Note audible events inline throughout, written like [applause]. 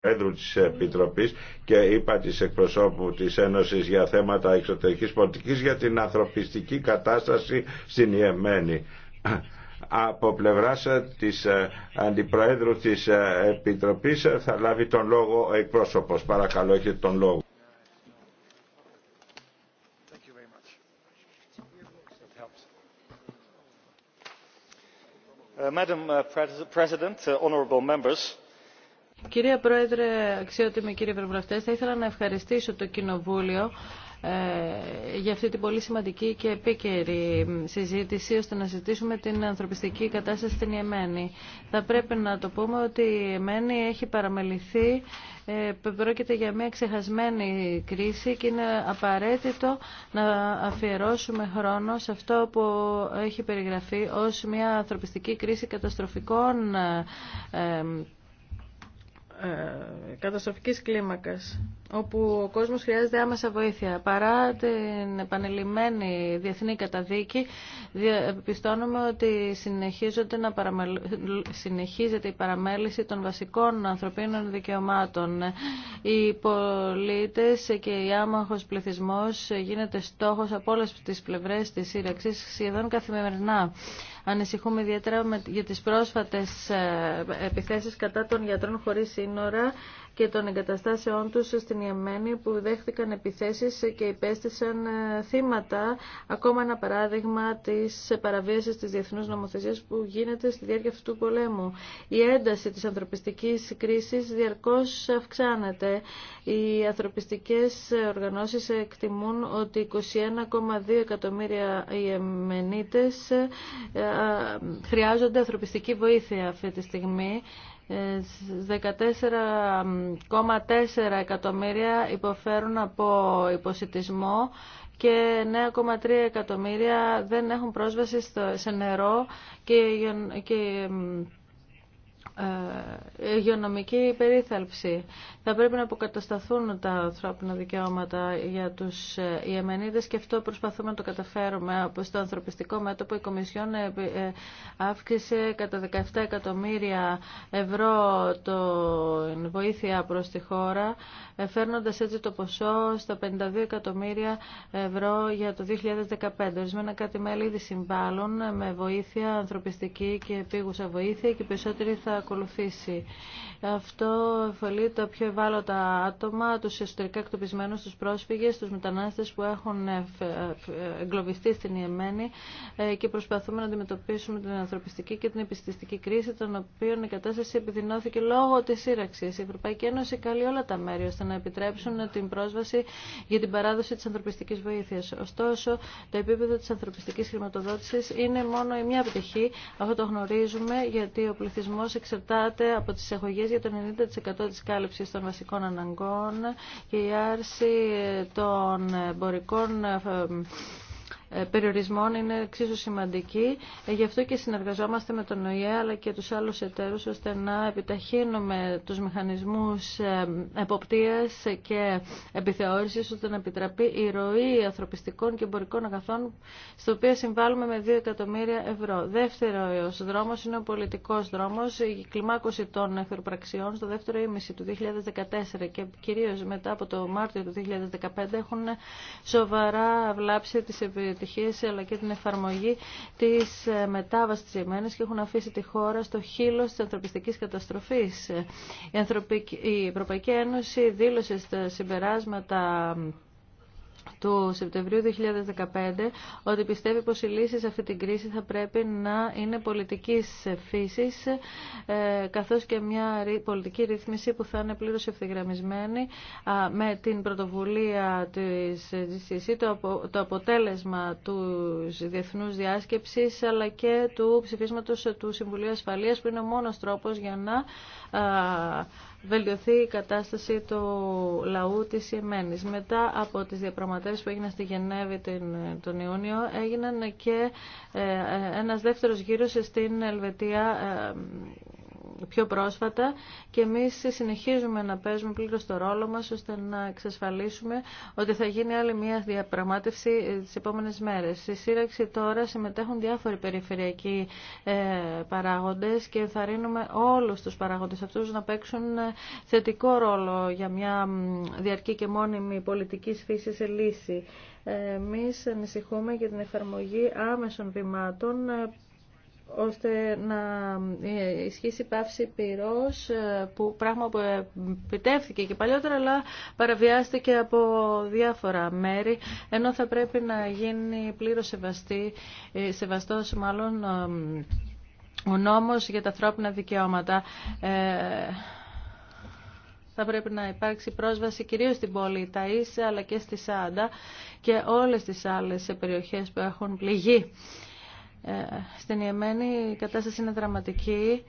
Πρόεδρου της Επιτροπής και είπα της εκπροσώπου της Ένωσης για θέματα εξωτερικής πολιτικής για την ανθρωπιστική κατάσταση στην Ιεμένη. Από πλευράς της ε, Αντιπροέδρου της ε, Επιτροπής ε, θα λάβει τον λόγο ο εκπρόσωπος. Παρακαλώ, έχετε τον λόγο. Κυρία Πρόεδρε, αξιότιμοι κύριοι Ευρωβουλευτέ, θα ήθελα να ευχαριστήσω το Κοινοβούλιο ε, για αυτή την πολύ σημαντική και επίκαιρη συζήτηση ώστε να συζητήσουμε την ανθρωπιστική κατάσταση στην Ιεμένη. Θα πρέπει να το πούμε ότι η Ιεμένη έχει παραμεληθεί, ε, πρόκειται για μια ξεχασμένη κρίση και είναι απαραίτητο να αφιερώσουμε χρόνο σε αυτό που έχει περιγραφεί ως μια ανθρωπιστική κρίση καταστροφικών ε, ε, καταστροφικής κλίμακας όπου ο κόσμος χρειάζεται άμεσα βοήθεια. Παρά την επανειλημμένη διεθνή καταδίκη, πιστώνουμε ότι συνεχίζονται να συνεχίζεται η παραμέληση των βασικών ανθρωπίνων δικαιωμάτων. Οι πολίτες και η άμαχος πληθυσμός γίνεται στόχος από όλες τις πλευρές της σύραξης σχεδόν καθημερινά. Ανησυχούμε ιδιαίτερα για τις πρόσφατες ε, επιθέσεις κατά των γιατρών χωρίς σύνορα και των εγκαταστάσεών τους στην Ιεμένη που δέχτηκαν επιθέσεις και υπέστησαν ε, θύματα. Ακόμα ένα παράδειγμα της παραβίασης της διεθνούς νομοθεσίας που γίνεται στη διάρκεια αυτού του πολέμου. Η ένταση της ανθρωπιστικής κρίσης διαρκώς αυξάνεται. Οι ανθρωπιστικές οργανώσεις εκτιμούν ότι 21,2 εκατομμύρια Ιεμενίτες ε, ε, χρειάζονται ανθρωπιστική βοήθεια αυτή τη στιγμή 14,4 εκατομμύρια υποφέρουν από υποσυτισμό και 9,3 εκατομμύρια δεν έχουν πρόσβαση σε νερό και ε, υγειονομική περίθαλψη. Θα πρέπει να αποκατασταθούν τα ανθρώπινα δικαιώματα για τους ε, Ιεμενίδες και αυτό προσπαθούμε να το καταφέρουμε. Στο ανθρωπιστικό μέτωπο η Κομισιόν ε, αύξησε κατά 17 εκατομμύρια ευρώ το βοήθεια προς τη χώρα, φέρνοντας έτσι το ποσό στα 52 εκατομμύρια ευρώ για το 2015. Ορισμένα κάτι μέλη ήδη συμβάλλουν με βοήθεια ανθρωπιστική και επίγουσα βοήθεια και περισσότεροι θα αυτό εφαλεί τα πιο ευάλωτα άτομα, τους εσωτερικά εκτοπισμένους, τους πρόσφυγες, τους μετανάστες που έχουν ε, ε, ε, εγκλωβιστεί στην Ιεμένη και προσπαθούμε να αντιμετωπίσουμε την ανθρωπιστική και την επιστηστική κρίση, των οποίων η κατάσταση επιδεινώθηκε λόγω της σύραξης. Η Ευρωπαϊκή Ένωση καλεί όλα τα μέρη ώστε να επιτρέψουν την πρόσβαση για την παράδοση της ανθρωπιστικής βοήθειας. Ωστόσο, το επίπεδο της ανθρωπιστικής χρηματοδότησης είναι μόνο η μια πτυχή, Αυτό το γνωρίζουμε γιατί ο πληθυσμός εξαρτάται από τις εχογές για το 90% της κάλυψης των βασικών αναγκών και η άρση των εμπορικών ε, ε, περιορισμών είναι εξίσου σημαντική. Ε, γι' αυτό και συνεργαζόμαστε με τον ΟΗΕ αλλά και τους άλλους εταίρους ώστε να επιταχύνουμε τους μηχανισμούς ε, εποπτείας και επιθεώρησης ώστε να επιτραπεί η ροή ανθρωπιστικών και εμπορικών αγαθών στο οποίο συμβάλλουμε με 2 εκατομμύρια ευρώ. Δεύτερο δρόμος είναι ο πολιτικός δρόμος, η κλιμάκωση των εχθροπραξιών στο δεύτερο ήμιση του 2014 και κυρίως μετά από το Μάρτιο του 2015 έχουν σοβαρά βλάψει τις επιτυχίες αλλά και την εφαρμογή της ε, μετάβασης της και έχουν αφήσει τη χώρα στο χείλος της ανθρωπιστικής καταστροφής. Η Ευρωπαϊκή Ένωση δήλωσε στα συμπεράσματα του Σεπτεμβρίου 2015 ότι πιστεύει πως οι λύση σε αυτή την κρίση θα πρέπει να είναι πολιτικής φύσης ε, καθώς και μια πολιτική ρύθμιση που θα είναι πλήρως ευθυγραμμισμένη με την πρωτοβουλία της GCC, το, αποτέλεσμα του διεθνούς διάσκεψης αλλά και του ψηφίσματος του Συμβουλίου Ασφαλείας που είναι ο μόνος τρόπος για να βελτιωθεί η κατάσταση του λαού της Ιεμένης. Μετά από τις διαπραγματεύσεις που έγιναν στη Γενέβη τον Ιούνιο, έγιναν και ε, ε, ένας δεύτερος γύρος στην Ελβετία ε, πιο πρόσφατα και εμείς συνεχίζουμε να παίζουμε πλήρως το ρόλο μας ώστε να εξασφαλίσουμε ότι θα γίνει άλλη μια διαπραγμάτευση τις επόμενες μέρες. Στη σύραξη τώρα συμμετέχουν διάφοροι περιφερειακοί ε, παράγοντες και θα ρίνουμε όλους τους παράγοντες αυτούς να παίξουν ε, θετικό ρόλο για μια διαρκή και μόνιμη πολιτική φύση σε λύση. Ε, εμείς ανησυχούμε για την εφαρμογή άμεσων βημάτων ώστε να ε, ισχύσει πάυση πυρός, ε, που πράγμα που επιτεύθηκε και παλιότερα, αλλά παραβιάστηκε από διάφορα μέρη, ενώ θα πρέπει να γίνει πλήρως σεβαστή, ε, σεβαστός μάλλον ο νόμος για τα ανθρώπινα δικαιώματα. Θα πρέπει να υπάρξει πρόσβαση κυρίως στην πόλη Ταΐσε αλλά και στη Σάντα και όλες τις άλλες περιοχές που έχουν πληγεί. Ε, στην Ιεμένη η κατάσταση είναι δραματική.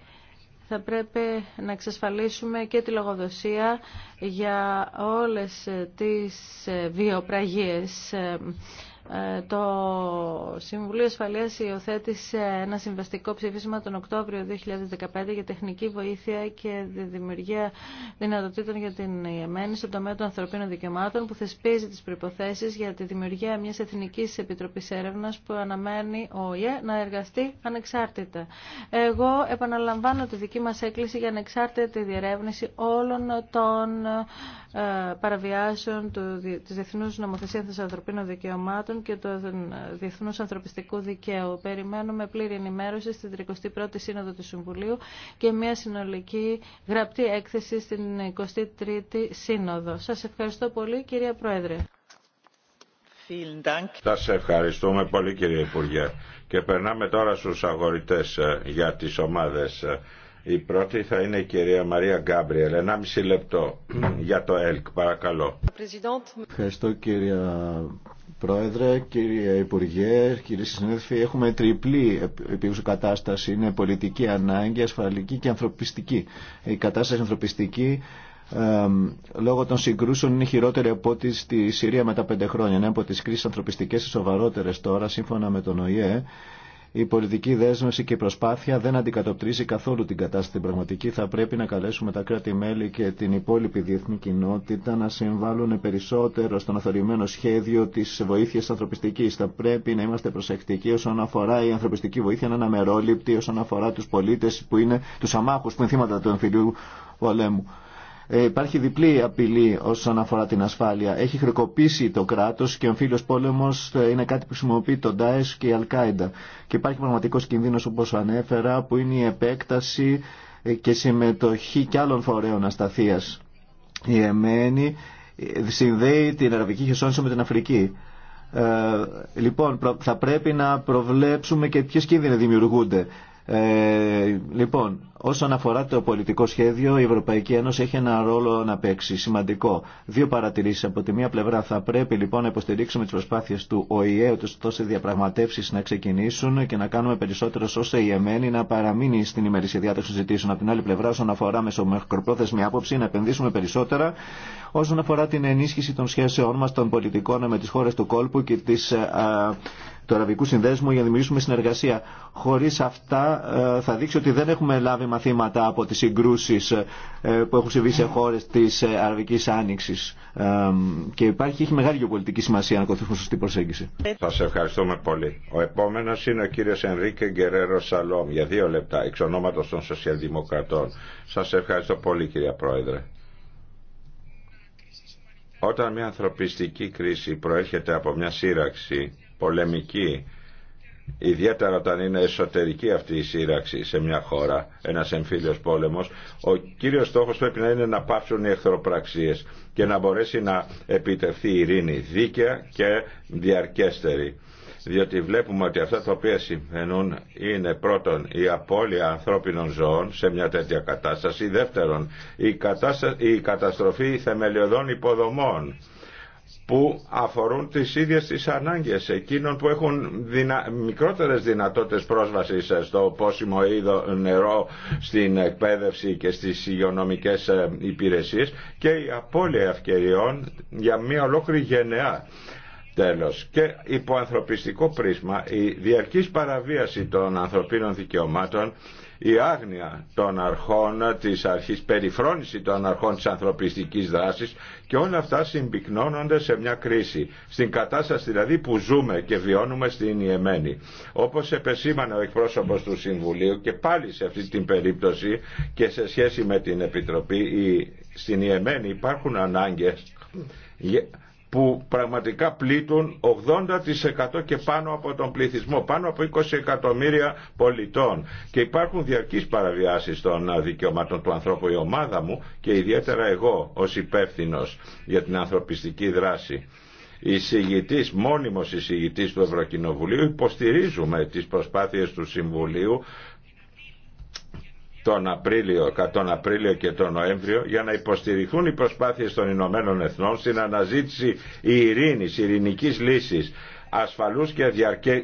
Θα πρέπει να εξασφαλίσουμε και τη λογοδοσία για όλες τις ε, βιοπραγίες. Ε, ε, το Συμβουλίο Ασφαλείας υιοθέτησε ένα συμβαστικό ψήφισμα τον Οκτώβριο 2015 για τεχνική βοήθεια και δημιουργία δυνατοτήτων για την Ιεμένη στον τομέα των ανθρωπίνων δικαιωμάτων που θεσπίζει τις προϋποθέσεις για τη δημιουργία μιας Εθνικής Επιτροπής Έρευνας που αναμένει ο ΙΕ να εργαστεί ανεξάρτητα. Εγώ επαναλαμβάνω τη δική μας έκκληση για ανεξάρτητη διερεύνηση όλων των ε, παραβιάσεων της Διεθνούς Νομοθεσίας Ανθρωπίνων Δικαιωμάτων και το Διεθνούς Ανθρωπιστικού Δικαίου. Περιμένουμε πλήρη ενημέρωση στην 31η Σύνοδο του Συμβουλίου και μια συνολική γραπτή έκθεση στην 23η Σύνοδο. Σας ευχαριστώ πολύ κυρία Πρόεδρε. Σα ευχαριστούμε πολύ κύριε Υπουργέ. Και περνάμε τώρα στους αγορητές ε, για τις ομάδες. Ε, η πρώτη θα είναι η κυρία Μαρία Γκάμπριελ. Ένα μισή λεπτό [clears throat] για το ΕΛΚ, παρακαλώ. Ευχαριστώ κυρία Πρόεδρε, κύριε Υπουργέ, κύριε συνάδελφοι, έχουμε τριπλή επίγουσα κατάσταση. Είναι πολιτική ανάγκη, ασφαλική και ανθρωπιστική. Η κατάσταση ανθρωπιστική λόγω των συγκρούσεων είναι χειρότερη από ό,τι στη Συρία μετά πέντε χρόνια. Είναι από τι κρίσει ανθρωπιστικέ σοβαρότερε τώρα, σύμφωνα με τον ΟΗΕ. Η πολιτική δέσμευση και η προσπάθεια δεν αντικατοπτρίζει καθόλου την κατάσταση την πραγματική. Θα πρέπει να καλέσουμε τα κράτη-μέλη και την υπόλοιπη διεθνή κοινότητα να συμβάλλουν περισσότερο στον αθωρημένο σχέδιο τη βοήθεια ανθρωπιστική. Θα πρέπει να είμαστε προσεκτικοί όσον αφορά η ανθρωπιστική βοήθεια, να είναι αμερόληπτη όσον αφορά του πολίτε που είναι του αμάχου που είναι θύματα του εμφυλίου πολέμου. Ε, υπάρχει διπλή απειλή όσον αφορά την ασφάλεια. Έχει χρεκοπήσει το κράτο και ο φίλο πόλεμο ε, είναι κάτι που χρησιμοποιεί τον Ντάεσ και η Αλκάιντα. Και υπάρχει πραγματικό κινδύνο, όπω ανέφερα, που είναι η επέκταση ε, και συμμετοχή κι άλλων φορέων ασταθεία. Η Εμένη συνδέει την Αραβική Χερσόνησο με την Αφρική. Ε, λοιπόν, θα πρέπει να προβλέψουμε και ποιε κίνδυνε δημιουργούνται. Ε, λοιπόν, όσον αφορά το πολιτικό σχέδιο, η Ευρωπαϊκή Ένωση έχει ένα ρόλο να παίξει σημαντικό. Δύο παρατηρήσει. Από τη μία πλευρά θα πρέπει λοιπόν να υποστηρίξουμε τι προσπάθειε του ΟΗΕ, ώστε διαπραγματεύσει να ξεκινήσουν και να κάνουμε περισσότερο ώστε η Εμένη να παραμείνει στην ημερήσια διάταξη συζητήσεων. Από την άλλη πλευρά, όσον αφορά μεσομεχροπρόθεσμη άποψη, να επενδύσουμε περισσότερα όσον αφορά την ενίσχυση των σχέσεών μα των πολιτικών με τι χώρε του κόλπου και τι ε, του Αραβικού Συνδέσμου για να δημιουργήσουμε συνεργασία. Χωρί αυτά ε, θα δείξει ότι δεν έχουμε λάβει μαθήματα από τι συγκρούσει ε, που έχουν συμβεί σε χώρε τη ε, Αραβική Άνοιξη. Και υπάρχει, έχει μεγάλη γεωπολιτική σημασία να ακολουθήσουμε σωστή προσέγγιση. Σα ευχαριστούμε πολύ. Ο επόμενο είναι ο κύριο Ενρίκε Γκερέρο Σαλόμ για δύο λεπτά εξ ονόματο των Σοσιαλδημοκρατών. Σα ευχαριστώ πολύ κυρία Πρόεδρε. Όταν μια ανθρωπιστική κρίση προέρχεται από μια σύραξη, πολεμική, ιδιαίτερα όταν είναι εσωτερική αυτή η σύραξη σε μια χώρα, ένας εμφύλιος πόλεμος, ο κύριος στόχος πρέπει να είναι να πάψουν οι εχθροπραξίες και να μπορέσει να επιτευχθεί η ειρήνη δίκαια και διαρκέστερη. Διότι βλέπουμε ότι αυτά τα οποία συμβαίνουν είναι πρώτον η απώλεια ανθρώπινων ζώων σε μια τέτοια κατάσταση, δεύτερον η, η καταστροφή θεμελιωδών υποδομών που αφορούν τις ίδιες τις ανάγκες εκείνων που έχουν δυνα... μικρότερες δυνατότητες πρόσβασης στο πόσιμο είδο νερό στην εκπαίδευση και στις υγειονομικές ε, υπηρεσίες και η απώλεια ευκαιριών για μια ολόκληρη γενεά. Τέλος. Και υπό ανθρωπιστικό πρίσμα η διαρκής παραβίαση των ανθρωπίνων δικαιωμάτων η άγνοια των αρχών της αρχής, περιφρόνηση των αρχών της ανθρωπιστικής δράσης και όλα αυτά συμπυκνώνονται σε μια κρίση, στην κατάσταση δηλαδή που ζούμε και βιώνουμε στην Ιεμένη. Όπως επεσήμανε ο εκπρόσωπος του Συμβουλίου και πάλι σε αυτή την περίπτωση και σε σχέση με την Επιτροπή στην Ιεμένη υπάρχουν ανάγκες που πραγματικά πλήττουν 80% και πάνω από τον πληθυσμό, πάνω από 20 εκατομμύρια πολιτών. Και υπάρχουν διαρκείς παραβιάσεις των δικαιωμάτων του ανθρώπου. Η ομάδα μου και ιδιαίτερα εγώ ως υπεύθυνο για την ανθρωπιστική δράση εισηγητής, μόνιμος εισηγητής του Ευρωκοινοβουλίου υποστηρίζουμε τις προσπάθειες του Συμβουλίου τον Απρίλιο, τον Απρίλιο και τον Νοέμβριο για να υποστηριχθούν οι προσπάθειες των Ηνωμένων Εθνών στην αναζήτηση ειρήνης, ειρηνικής λύσης, ασφαλούς και διαρκε,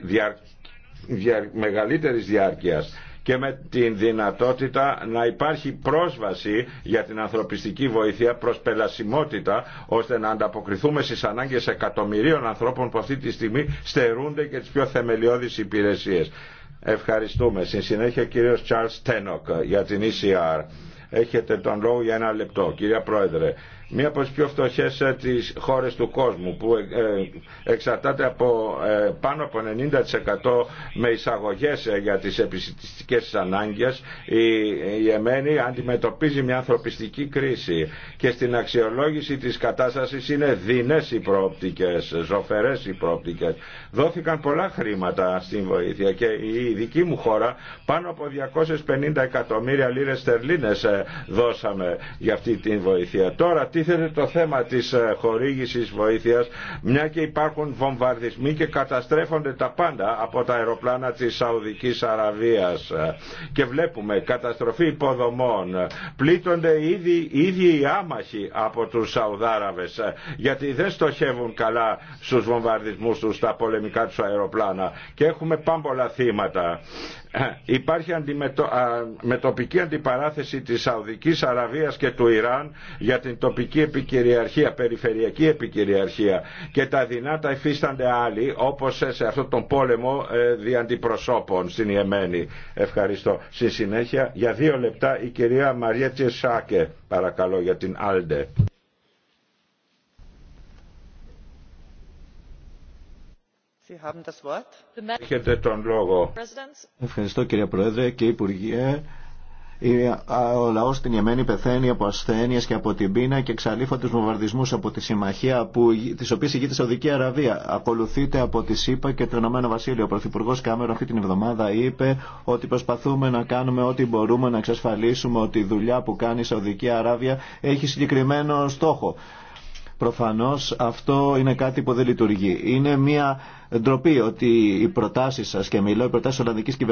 δια, μεγαλύτερης διάρκειας και με την δυνατότητα να υπάρχει πρόσβαση για την ανθρωπιστική βοήθεια προς πελασιμότητα ώστε να ανταποκριθούμε στις ανάγκες εκατομμυρίων ανθρώπων που αυτή τη στιγμή στερούνται και τις πιο θεμελιώδεις υπηρεσίες. Ευχαριστούμε. Στη συνέχεια ο κύριος Charles Τένοκ για την ECR. Έχετε τον λόγο για ένα λεπτό. Κυρία Πρόεδρε, μία από τις πιο φτωχές ε, τις χώρες του κόσμου που ε, ε, εξαρτάται από πάνω από 90% με εισαγωγές για τις επιστημιστικές ανάγκες η Εμένη αντιμετωπίζει μια ανθρωπιστική κρίση και στην αξιολόγηση της κατάστασης είναι δίνες οι προοπτικές, ζωφερές οι προοπτικές. Δόθηκαν πολλά χρήματα στην βοήθεια και η δική μου χώρα πάνω από 250 εκατομμύρια λίρες στερλίνες δώσαμε για αυτή την βοήθεια. Τώρα τίθεται το θέμα της ε, χορήγηση βοήθειας μια και υπάρχουν βομβαρδισμοί και καταστρέφονται τα πάντα από τα αεροπλάνα της Σαουδικής Αραβίας ε, και βλέπουμε καταστροφή υποδομών ε, πλήττονται ήδη, ήδη οι άμαχοι από τους Σαουδάραβες γιατί δεν στοχεύουν καλά στου βομβαρδισμούς του στα πολεμικά του αεροπλάνα και έχουμε πάμπολα θύματα υπάρχει αντιμετω... τοπική αντιπαράθεση της Σαουδικής Αραβίας και του Ιράν για την τοπική τοπική επικυριαρχία, περιφερειακή επικυριαρχία και τα δυνάτα υφίστανται άλλοι όπως σε αυτό τον πόλεμο ε, δι' αντιπροσώπων στην Ιεμένη. Ευχαριστώ. Στη συνέχεια για δύο λεπτά η κυρία Μαρία Τσεσάκε παρακαλώ για την Άλντε. Έχετε τον λόγο. Ευχαριστώ κύριε Πρόεδρε και Υπουργέ. Ο λαό στην Ιεμένη πεθαίνει από ασθένειε και από την πείνα και εξαλείφω του βομβαρδισμού από τη συμμαχία τη οποία ηγείται η Σαουδική Αραβία. Ακολουθείται από τη ΣΥΠΑ και το Ηνωμένο Βασίλειο. Ο Πρωθυπουργό Κάμερο αυτή την εβδομάδα είπε ότι προσπαθούμε να κάνουμε ό,τι μπορούμε να εξασφαλίσουμε ότι η δουλειά που κάνει η Σαουδική Αράβια έχει συγκεκριμένο στόχο. Προφανώς αυτό είναι κάτι που δεν λειτουργεί. Είναι μια ντροπή ότι οι προτάσεις σας, και μιλώ, οι προτάσει τη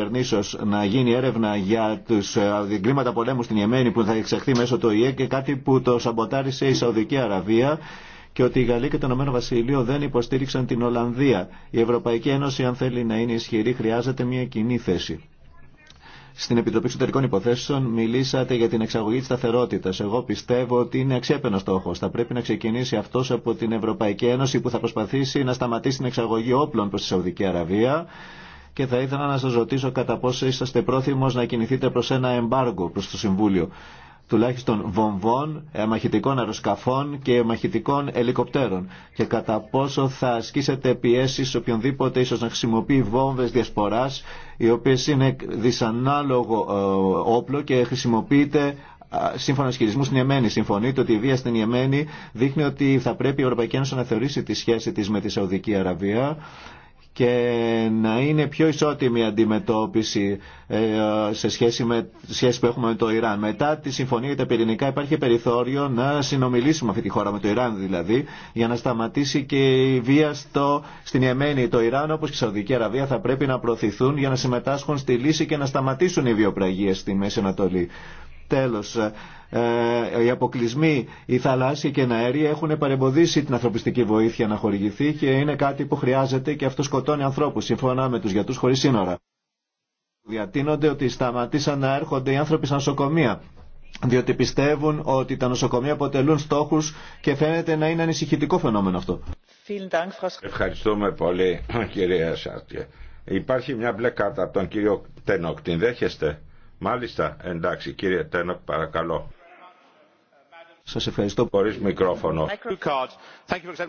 να γίνει έρευνα για τους ε, εγκλήματα πολέμου στην Ιεμένη που θα εξεχθεί μέσω του ΙΕ και κάτι που το σαμποτάρισε η Σαουδική Αραβία και ότι η Γαλλία και το Ηνωμένο Βασίλειο δεν υποστήριξαν την Ολλανδία. Η Ευρωπαϊκή Ένωση, αν θέλει να είναι ισχυρή, χρειάζεται μια κοινή θέση. Στην Επιτροπή Εξωτερικών Υποθέσεων μιλήσατε για την εξαγωγή τη σταθερότητα. Εγώ πιστεύω ότι είναι αξιέπαινο στόχο. Θα πρέπει να ξεκινήσει αυτό από την Ευρωπαϊκή Ένωση που θα προσπαθήσει να σταματήσει την εξαγωγή όπλων προ τη Σαουδική Αραβία. Και θα ήθελα να σα ρωτήσω κατά πόσο είσαστε πρόθυμο να κινηθείτε προ ένα εμπάργκο προ το Συμβούλιο τουλάχιστον βομβών, ε, μαχητικών αεροσκαφών και μαχητικών ελικοπτέρων και κατά πόσο θα ασκήσετε πιέσεις οποιονδήποτε ίσως να χρησιμοποιεί βόμβες διασποράς οι οποίες είναι δυσανάλογο ε, όπλο και χρησιμοποιείται σύμφωνα σχετισμού στην Ιεμένη. Συμφωνείτε ότι η βία στην Ιεμένη δείχνει ότι θα πρέπει η Ευρωπαϊκή Ένωση να θεωρήσει τη σχέση τη με τη Σαουδική Αραβία και να είναι πιο ισότιμη η αντιμετώπιση ε, σε σχέση με που έχουμε με το Ιράν. Μετά τη συμφωνία για τα πυρηνικά υπάρχει περιθώριο να συνομιλήσουμε αυτή τη χώρα με το Ιράν δηλαδή για να σταματήσει και η βία στο, στην Ιεμένη. Το Ιράν όπως και η Σαουδική Αραβία θα πρέπει να προωθηθούν για να συμμετάσχουν στη λύση και να σταματήσουν οι βιοπραγίες στη Μέση Ανατολή. Τέλος, ε, ε, οι αποκλεισμοί, οι θαλάσσιοι και οι αέρια έχουν παρεμποδίσει την ανθρωπιστική βοήθεια να χορηγηθεί και είναι κάτι που χρειάζεται και αυτό σκοτώνει ανθρώπους, συμφωνώ με τους γιατούς χωρίς σύνορα. Διατείνονται ότι σταματήσαν να έρχονται οι άνθρωποι στα νοσοκομεία διότι πιστεύουν ότι τα νοσοκομεία αποτελούν στόχους και φαίνεται να είναι ανησυχητικό φαινόμενο αυτό. Ευχαριστούμε πολύ [clears throat] κυρία Σάρτια. Υπάρχει μια μπλε κάρτα από τον κύριο Τενόκ. Την δέχεστε. Μάλιστα, εντάξει, κύριε Τένο, παρακαλώ. Σας ευχαριστώ. Χωρίς μικρόφωνο.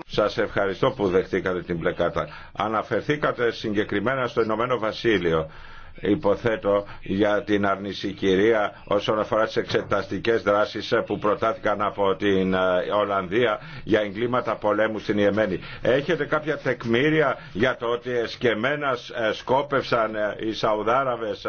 Σας ευχαριστώ που δεχτήκατε την πλεκάτα. Αναφερθήκατε συγκεκριμένα στο Ηνωμένο Βασίλειο υποθέτω για την αρνησή κυρία όσον αφορά τις εξεταστικές δράσεις που προτάθηκαν από την ε, Ολλανδία για εγκλήματα πολέμου στην Ιεμένη. Έχετε κάποια τεκμήρια για το ότι εσκεμένα ε, σκόπευσαν ε, οι Σαουδάραβες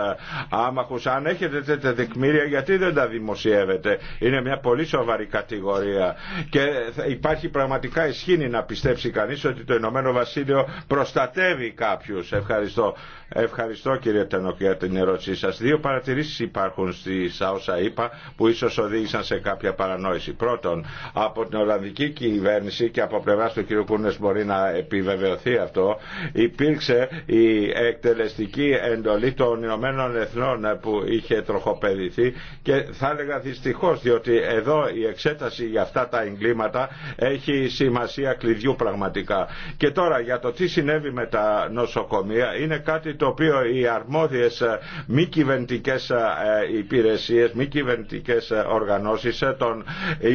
άμαχους. Αν έχετε τέτοια τεκμήρια γιατί δεν τα δημοσιεύετε. Είναι μια πολύ σοβαρή κατηγορία και υπάρχει πραγματικά ισχύνη να πιστέψει κανείς ότι το Ηνωμένο Βασίλειο προστατεύει κάποιους. Ευχαριστώ. Ευχαριστώ κύριε και για την ερώτησή σα. Δύο παρατηρήσει υπάρχουν στη όσα είπα που ίσω οδήγησαν σε κάποια παρανόηση. Πρώτον, από την Ολλανδική κυβέρνηση και από πλευρά του κ. Κούρνες μπορεί να επιβεβαιωθεί αυτό, υπήρξε η εκτελεστική εντολή των Ηνωμένων Εθνών που είχε τροχοπεδηθεί και θα έλεγα δυστυχώ διότι εδώ η εξέταση για αυτά τα εγκλήματα έχει σημασία κλειδιού πραγματικά. Και τώρα για το τι συνέβη με τα νοσοκομεία είναι κάτι το οποίο οι αρμόδιοι ε, μη κυβερνητικέ ε, ε, υπηρεσίες, μη κυβερνητικέ οργανώσεις των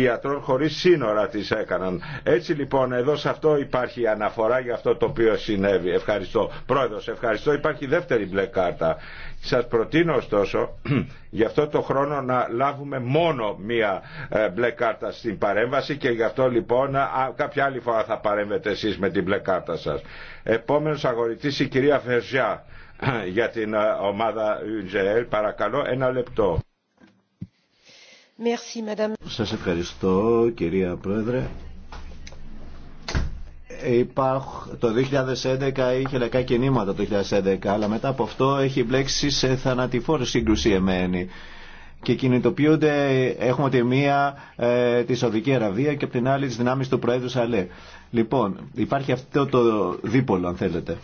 ιατρών χωρίς σύνορα τις έκαναν. Έτσι λοιπόν εδώ σε αυτό υπάρχει αναφορά για αυτό το οποίο συνέβη. Ευχαριστώ. Πρόεδρος, ευχαριστώ. Υπάρχει δεύτερη μπλε κάρτα. Σας προτείνω ωστόσο [clears throat] για αυτό το χρόνο να λάβουμε μόνο μία μπλε κάρτα στην παρέμβαση και γι' αυτό λοιπόν κάποια άλλη φορά θα παρέμβετε εσείς με την μπλε κάρτα σας. Επόμενος αγορητής η κυρία Φερζιά. [coughs] για την ε, ομάδα UGL. Παρακαλώ ένα λεπτό. Σας ευχαριστώ κυρία Πρόεδρε. Το 2011 είχε λεκά κινήματα το 2011, αλλά μετά από αυτό έχει μπλέξει σε θανατηφόρο σύγκρουση εμένη και κινητοποιούνται, έχουμε τη μία ε, τη Σαουδική Αραβία και από την άλλη τις δυνάμεις του Προέδρου Σαλέ. Λοιπόν, υπάρχει αυτό το δίπολο αν θέλετε.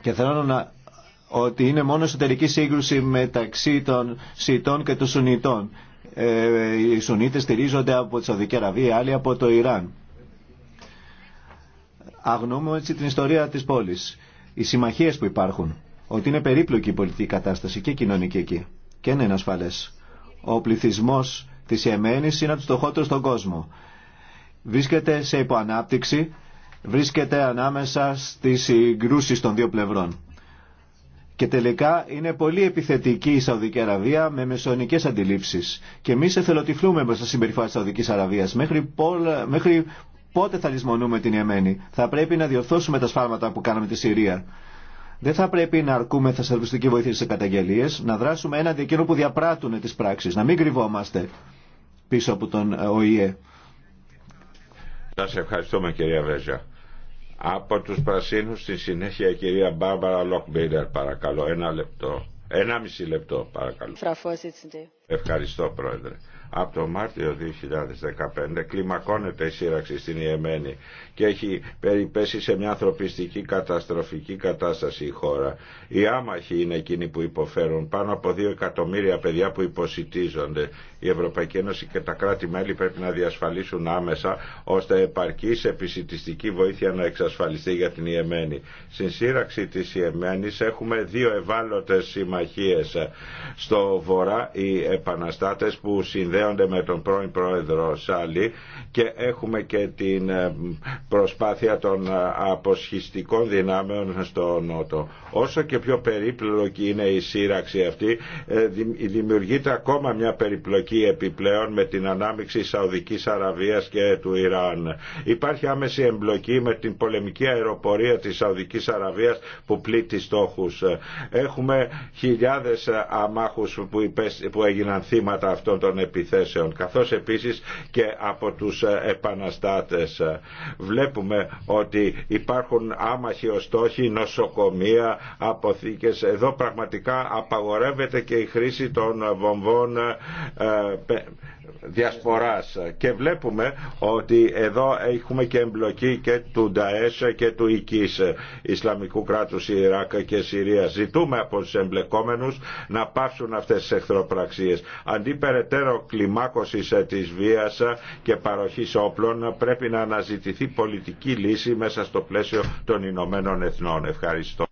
Και θέλω να ότι είναι μόνο εσωτερική σύγκρουση μεταξύ των Σιτών και των Σουνιτών. Ε, οι Σουνίτες στηρίζονται από τη Σαουδική Αραβία, άλλοι από το Ιράν. Αγνοούμε έτσι την ιστορία της πόλης, οι συμμαχίες που υπάρχουν, ότι είναι περίπλοκη η πολιτική κατάσταση και κοινωνική εκεί. Και είναι ασφαλές. Ο πληθυσμός της Ιεμένης είναι από τους στον κόσμο. Βρίσκεται σε υποανάπτυξη, βρίσκεται ανάμεσα στις συγκρούσεις των δύο πλευρών. Και τελικά είναι πολύ επιθετική η Σαουδική Αραβία με μεσονικέ αντιλήψει. Και εμεί εθελοτυφλούμε μπροστά τα συμπεριφορά τη Σαουδική Αραβία. Μέχρι, πότε θα λησμονούμε την Ιεμένη. Θα πρέπει να διορθώσουμε τα σφάλματα που κάναμε τη Συρία. Δεν θα πρέπει να αρκούμε σερβιστική βοήθεια σε καταγγελίε, να δράσουμε έναντι εκείνων που διαπράττουν τι πράξει, να μην κρυβόμαστε πίσω από τον ε, ΟΗΕ. Σα ευχαριστούμε κυρία Βρέζα. Από τους Πρασίνους στη συνέχεια η κυρία Μπάρμπαρα Λοκμπίντερ παρακαλώ. Ένα λεπτό. Ένα μισή λεπτό παρακαλώ. Ευχαριστώ πρόεδρε. Από το Μάρτιο 2015 κλιμακώνεται η σύραξη στην Ιεμένη και έχει περιπέσει σε μια ανθρωπιστική καταστροφική κατάσταση η χώρα. Οι άμαχοι είναι εκείνοι που υποφέρουν. Πάνω από δύο εκατομμύρια παιδιά που υποσυτίζονται. Η Ευρωπαϊκή Ένωση και τα κράτη-μέλη πρέπει να διασφαλίσουν άμεσα ώστε επαρκή επισητιστική βοήθεια να εξασφαλιστεί για την Ιεμένη. Στην σύραξη της Ιεμένης έχουμε δύο ευάλωτε συμμαχίε Στο βορρά οι επαναστάτες που συνδέονται συνδέονται με τον πρώην πρόεδρο Σάλι και έχουμε και την ε, προσπάθεια των ε, αποσχιστικών δυνάμεων στο Νότο. Όσο και πιο περίπλοκη είναι η σύραξη αυτή, ε, δημιουργείται ακόμα μια περιπλοκή επιπλέον με την ανάμειξη Σαουδικής Αραβίας και του Ιράν. Υπάρχει άμεση εμπλοκή με την πολεμική αεροπορία της Σαουδικής Αραβίας που πλήττει στόχους. Έχουμε χιλιάδες αμάχους που έγιναν θύματα αυτών των επιθέσεων επιθέσεων καθώς επίσης και από τους επαναστάτες. Βλέπουμε ότι υπάρχουν άμαχοι ως στόχοι, νοσοκομεία, αποθήκες. Εδώ πραγματικά απαγορεύεται και η χρήση των βομβών ε, διασποράς και βλέπουμε ότι εδώ έχουμε και εμπλοκή και του Νταέσ και του ΙΚΙΣ Ισλαμικού κράτους Ιράκ και Συρία ζητούμε από τους εμπλεκόμενους να πάψουν αυτές τις εχθροπραξίες αντί περαιτέρω κλιμάκωσης ε, της βίας ε, και παροχής όπλων ε, πρέπει να αναζητηθεί πολιτική λύση μέσα στο πλαίσιο των Ηνωμένων Εθνών. Ευχαριστώ.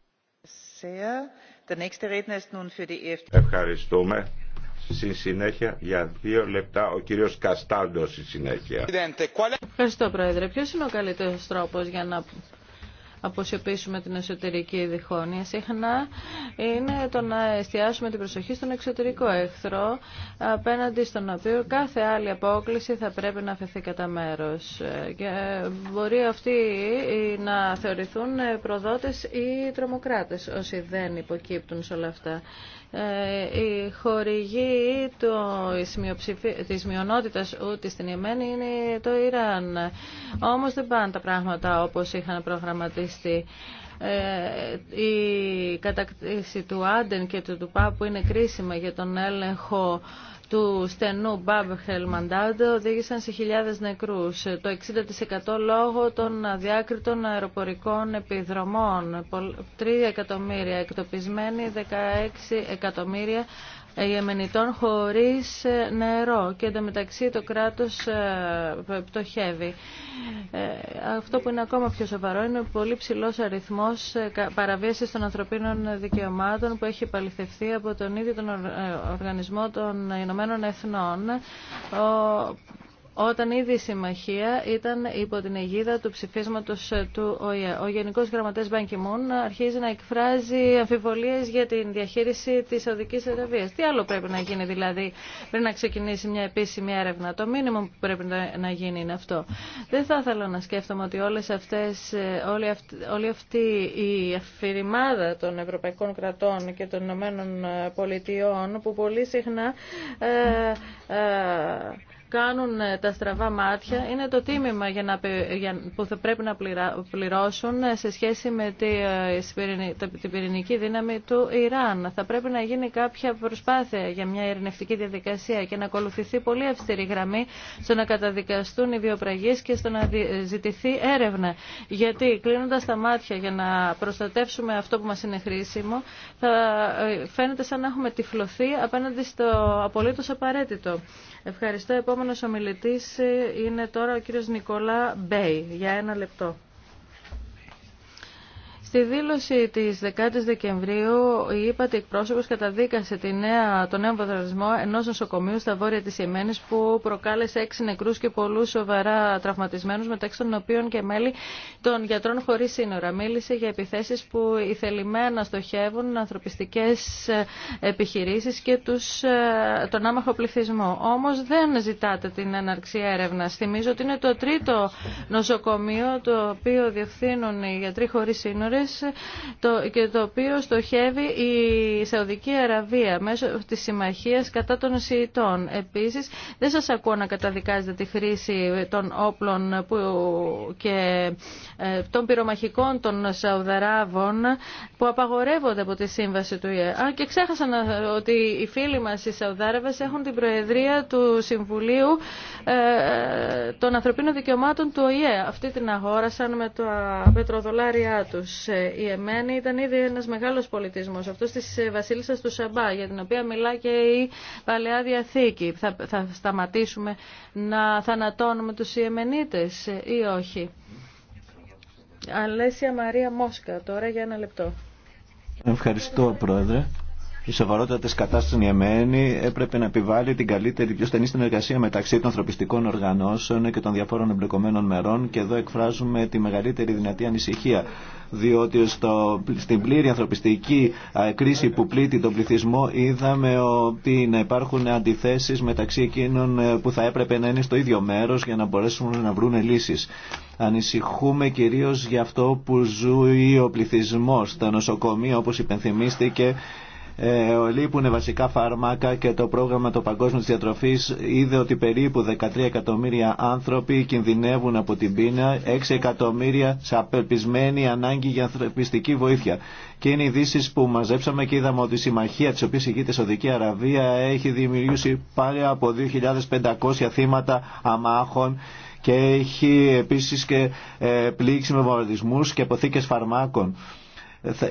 Ευχαριστούμε. Στη συνέχεια, για δύο λεπτά, ο κύριος Καστάλντο στη συνέχεια. Ευχαριστώ, Πρόεδρε. Ποιος είναι ο καλύτερος τρόπος για να αποσιωπήσουμε την εσωτερική διχόνοια. Συχνά είναι το να εστιάσουμε την προσοχή στον εξωτερικό εχθρό, απέναντι στον οποίο κάθε άλλη απόκληση θα πρέπει να αφαιθεί κατά μέρο. Ε, μπορεί αυτοί να θεωρηθούν προδότες ή τρομοκράτες όσοι δεν υποκύπτουν σε όλα αυτά. Ε, η χορηγή της μειονότητας ούτε στην Ιεμένη είναι το Ιράν. Όμως δεν πάνε τα πράγματα όπως είχαν προγραμματιστεί. Ε, η κατακτήση του Άντεν και του Τουπά που είναι κρίσιμα για τον έλεγχο του στενού Μπαμπ Χελμαντάντ οδήγησαν σε χιλιάδες νεκρούς, το 60% λόγω των αδιάκριτων αεροπορικών επιδρομών, 3 εκατομμύρια εκτοπισμένοι, 16 εκατομμύρια Εμενητών χωρίς ε, νερό και εντωμεταξύ το κράτος ε, πτωχεύει. Ε, αυτό που είναι ακόμα πιο σοβαρό είναι ο πολύ ψηλός αριθμός παραβίασης των ανθρωπίνων δικαιωμάτων που έχει επαληθευτεί από τον ίδιο τον Οργανισμό των Ηνωμένων Εθνών όταν ήδη η συμμαχία ήταν υπό την αιγίδα του ψηφίσματος του ΟΗΕ. Ο Γενικός Γραμματέας Μπανκιμούν αρχίζει να εκφράζει αμφιβολίες για την διαχείριση της Σαουδικής Αραβίας. Τι άλλο πρέπει να γίνει δηλαδή πριν να ξεκινήσει μια επίσημη έρευνα. Το μήνυμα που πρέπει να γίνει είναι αυτό. Δεν θα ήθελα να σκέφτομαι ότι όλες αυτές, ε, όλη, αυτή, όλη αυτή η αφηρημάδα των Ευρωπαϊκών κρατών και των Ηνωμένων Πολιτειών που πολύ συχνά ε, ε κάνουν ε, τα στραβά μάτια είναι το τίμημα για να, που θα πρέπει να πληρώσουν ε, σε σχέση με ε, την πυρηνική δύναμη του Ιράν. Θα πρέπει να γίνει κάποια προσπάθεια για μια ειρηνευτική διαδικασία και να ακολουθηθεί πολύ αυστηρή γραμμή στο να καταδικαστούν οι βιοπραγείς και στο να ζητηθεί έρευνα. Γιατί κλείνοντα τα μάτια για να προστατεύσουμε αυτό που μας είναι χρήσιμο θα φαίνεται σαν να έχουμε τυφλωθεί απέναντι στο απολύτως απαραίτητο. Ευχαριστώ. Επόμενος ομιλητής είναι τώρα ο κύριος Νικόλα Μπέι για ένα λεπτό. Στη δήλωση της 10ης Δεκεμβρίου η ΥΠΑΤΗ εκπρόσωπο, καταδίκασε τη νέα, τον νέο βαδρασμό ενός νοσοκομείου στα βόρεια της Ιεμένης που προκάλεσε έξι νεκρούς και πολλούς σοβαρά τραυματισμένους μεταξύ των οποίων και μέλη των γιατρών χωρίς σύνορα. Μίλησε για επιθέσεις που ηθελημένα στοχεύουν ανθρωπιστικές ε, επιχειρήσεις και τους, ε, τον άμαχο πληθυσμό. Όμως δεν ζητάτε την έναρξη έρευνα. Θυμίζω ότι είναι το τρίτο νοσοκομείο το οποίο διευθύνουν οι γιατροί Χωρί σύνορα και το οποίο στοχεύει η Σαουδική Αραβία μέσω της συμμαχίας κατά των Σιητών. Επίσης, δεν σας ακούω να καταδικάζετε τη χρήση των όπλων που και ε, των πυρομαχικών των Σαουδαράβων που απαγορεύονται από τη σύμβαση του ΙΕ. Α, και ξέχασα ότι οι φίλοι μας οι Σαουδάραβες έχουν την Προεδρία του Συμβουλίου ε, των Ανθρωπίνων Δικαιωμάτων του ΟΗΕ. Αυτή την αγόρασαν με τα πετροδολάρια τους. Ε, η Εμένη ήταν ήδη ένας μεγάλος πολιτισμός, αυτός της ε, βασίλισσας του Σαμπά, για την οποία μιλά και η Παλαιά Διαθήκη. Θα, θα σταματήσουμε να θανατώνουμε τους Ιεμενίτες ε, ή όχι. Αλέσια Μαρία Μόσκα, τώρα για ένα λεπτό. Ευχαριστώ, Πρόεδρε. Η σοβαρότητα τη κατάσταση στην Ιεμένη έπρεπε να επιβάλλει την καλύτερη, πιο στενή συνεργασία μεταξύ των ανθρωπιστικών οργανώσεων και των διαφόρων εμπλεκομένων μερών και εδώ εκφράζουμε τη μεγαλύτερη δυνατή ανησυχία. Διότι στο, στην πλήρη ανθρωπιστική κρίση που πλήττει τον πληθυσμό είδαμε ότι να υπάρχουν αντιθέσει μεταξύ εκείνων ε, που θα έπρεπε να είναι στο ίδιο μέρο για να μπορέσουν να βρουν λύσει. Ανησυχούμε κυρίω για αυτό που ζούει ο πληθυσμό στα νοσοκομεία όπω υπενθυμίστηκε ε, λείπουν βασικά φάρμακα και το πρόγραμμα το Παγκόσμιο Διατροφής είδε ότι περίπου 13 εκατομμύρια άνθρωποι κινδυνεύουν από την πείνα, 6 εκατομμύρια σε απελπισμένη ανάγκη για ανθρωπιστική βοήθεια. Και είναι ειδήσει που μαζέψαμε και είδαμε ότι η συμμαχία της οποίας ηγείται Δική Αραβία έχει δημιουργήσει πάλι από 2.500 θύματα αμάχων και έχει επίσης και ε, πλήξει με βομβαρδισμούς και αποθήκες φαρμάκων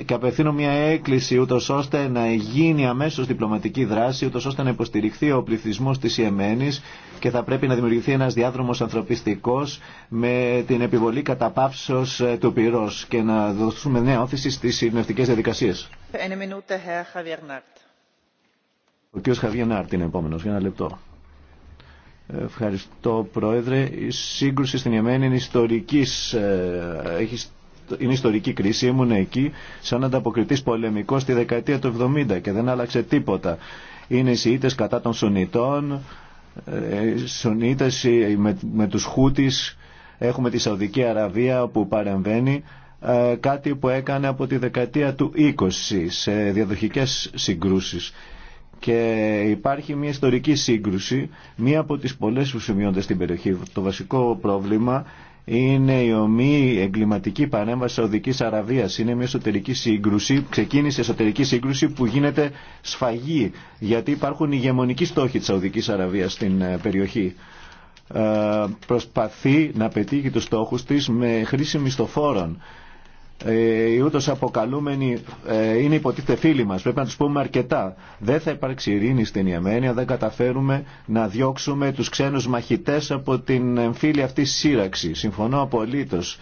και απευθύνω μια έκκληση ούτως ώστε να γίνει αμέσω διπλωματική δράση, ούτως ώστε να υποστηριχθεί ο πληθυσμό τη Ιεμένης και θα πρέπει να δημιουργηθεί ένας διάδρομος ανθρωπιστικός με την επιβολή πάψο ε, του πυρός και να δώσουμε νέα όθηση στι ειρηνευτικέ διαδικασίε. Ο για ένα λεπτό. Ευχαριστώ Πρόεδρε. Η σύγκρουση στην Ιεμένη είναι ιστορική. Ε, έχει είναι ιστορική κρίση. Ήμουν εκεί σαν ανταποκριτή πολεμικό στη δεκαετία του 70 και δεν άλλαξε τίποτα. Είναι οι Σιήτες κατά των Σουνιτών, ε, οι ε, με, με τους Χούτις, έχουμε τη Σαουδική Αραβία που παρεμβαίνει ε, κάτι που έκανε από τη δεκαετία του 20 σε διαδοχικές συγκρούσεις. Και υπάρχει μια ιστορική σύγκρουση, μία από τις πολλές που σημειώνται στην περιοχή. Το βασικό πρόβλημα είναι η ομή εγκληματική παρέμβαση Σαουδική Αραβίας. Είναι μια εσωτερική σύγκρουση, ξεκίνησε εσωτερική σύγκρουση που γίνεται σφαγή, γιατί υπάρχουν ηγεμονικοί στόχοι της Σαουδική Αραβίας στην ε, περιοχή. Ε, προσπαθεί να πετύχει τους στόχους της με χρήση μισθοφόρων. Ε, οι ούτως αποκαλούμενοι ε, είναι υποτίθεται φίλοι μας. Πρέπει να τους πούμε αρκετά. Δεν θα υπάρξει ειρήνη στην Ιεμένη αν δεν καταφέρουμε να διώξουμε τους ξένους μαχητές από την εμφύλη αυτή σύραξη. Συμφωνώ απολύτως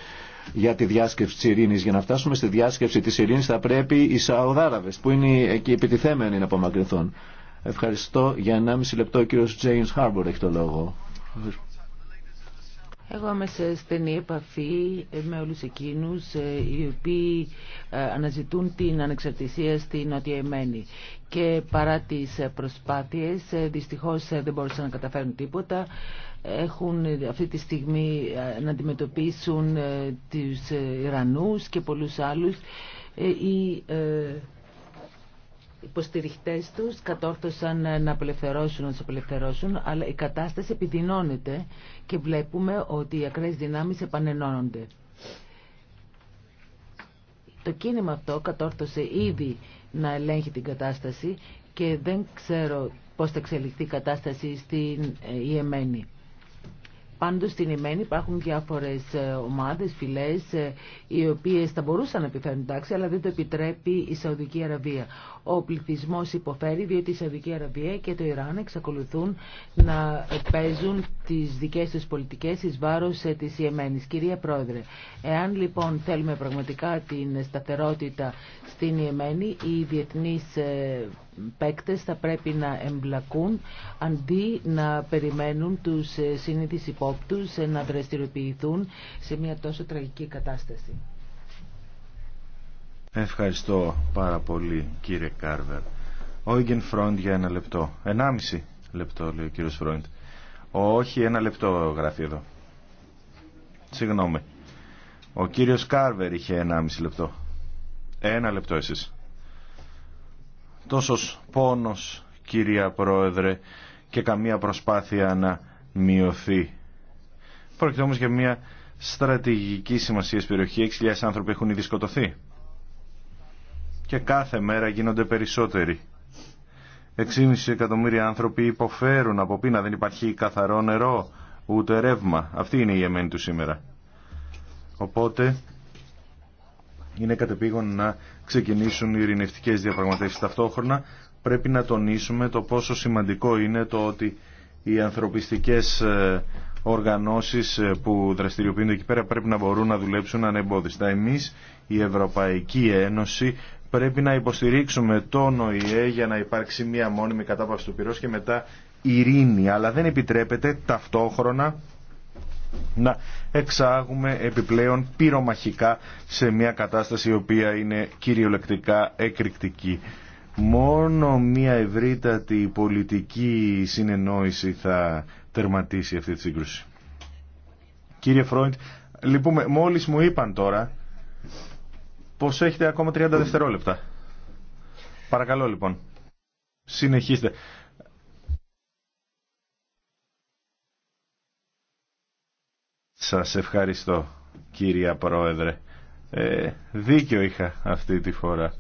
για τη διάσκεψη της ειρήνης. Για να φτάσουμε στη διάσκεψη της ειρήνης θα πρέπει οι Σαουδάραβες που είναι εκεί επιτιθέμενοι να απομακρυνθούν. Ευχαριστώ για 1,5 λεπτό ο κύριος James Χάρμπορ έχει το λόγο. Εγώ είμαι σε στενή επαφή με όλους εκείνους ε, οι οποίοι ε, αναζητούν την ανεξαρτησία στην Νότια Εμένη και παρά τις ε, προσπάθειες δυστυχώς δεν μπορούσαν να καταφέρουν τίποτα έχουν αυτή τη στιγμή να αντιμετωπίσουν τους Ιρανούς και πολλούς άλλους υποστηριχτές τους κατόρθωσαν να απελευθερώσουν, να του απελευθερώσουν, αλλά η κατάσταση επιδεινώνεται και βλέπουμε ότι οι ακραίες δυνάμεις επανενώνονται. Το κίνημα αυτό κατόρθωσε ήδη να ελέγχει την κατάσταση και δεν ξέρω πώς θα εξελιχθεί η κατάσταση στην Ιεμένη. Ε, Πάντως στην Ιμένη υπάρχουν διάφορες ε, ομάδες, φυλές, ε, οι οποίες θα μπορούσαν να επιφέρουν τάξη, αλλά δεν το επιτρέπει η Σαουδική Αραβία. Ο πληθυσμός υποφέρει διότι η Σαουδική Αραβία και το Ιράν εξακολουθούν να παίζουν τις δικές τους πολιτικές εις βάρος ε, της Ιεμένης. Κυρία Πρόεδρε, εάν λοιπόν θέλουμε πραγματικά την σταθερότητα στην Ιεμένη, οι διεθνείς παίκτες θα πρέπει να εμπλακούν αντί να περιμένουν τους ε, συνήθεις υπόπτους ε, να δραστηριοποιηθούν σε μια τόσο τραγική κατάσταση. Ευχαριστώ πάρα πολύ κύριε Κάρβερ. Ίγκεν Φρόντ για ένα λεπτό. Ενάμιση λεπτό λέει ο κύριος Φρόντ. Όχι ένα λεπτό γράφει εδώ. Συγγνώμη. Ο κύριος Κάρβερ είχε 1,5 λεπτό. Ένα λεπτό εσείς τόσος πόνος κυρία Πρόεδρε και καμία προσπάθεια να μειωθεί. Πρόκειται όμως για μια στρατηγική σημασία περιοχή. 6.000 άνθρωποι έχουν ήδη σκοτωθεί. Και κάθε μέρα γίνονται περισσότεροι. 6,5 εκατομμύρια άνθρωποι υποφέρουν από πείνα. Δεν υπάρχει καθαρό νερό, ούτε ρεύμα. Αυτή είναι η εμένη του σήμερα. Οπότε είναι κατεπήγον να ξεκινήσουν οι ειρηνευτικέ διαπραγματεύσεις ταυτόχρονα, πρέπει να τονίσουμε το πόσο σημαντικό είναι το ότι οι ανθρωπιστικές ε, οργανώσεις ε, που δραστηριοποιούνται εκεί πέρα πρέπει να μπορούν να δουλέψουν ανεμπόδιστα. Εμείς, η Ευρωπαϊκή Ένωση, πρέπει να υποστηρίξουμε τον ΟΗΕ για να υπάρξει μία μόνιμη κατάπαυση του πυρός και μετά ειρήνη, αλλά δεν επιτρέπεται ταυτόχρονα να εξάγουμε επιπλέον πυρομαχικά σε μια κατάσταση η οποία είναι κυριολεκτικά εκρηκτική. Μόνο μια ευρύτατη πολιτική συνεννόηση θα τερματίσει αυτή τη σύγκρουση. Κύριε Φρόιντ, λυπούμε, μόλις μου είπαν τώρα πως έχετε ακόμα 30 δευτερόλεπτα. Παρακαλώ λοιπόν, συνεχίστε. Σας ευχαριστώ κυρία Πρόεδρε. Ε, δίκιο είχα αυτή τη φορά.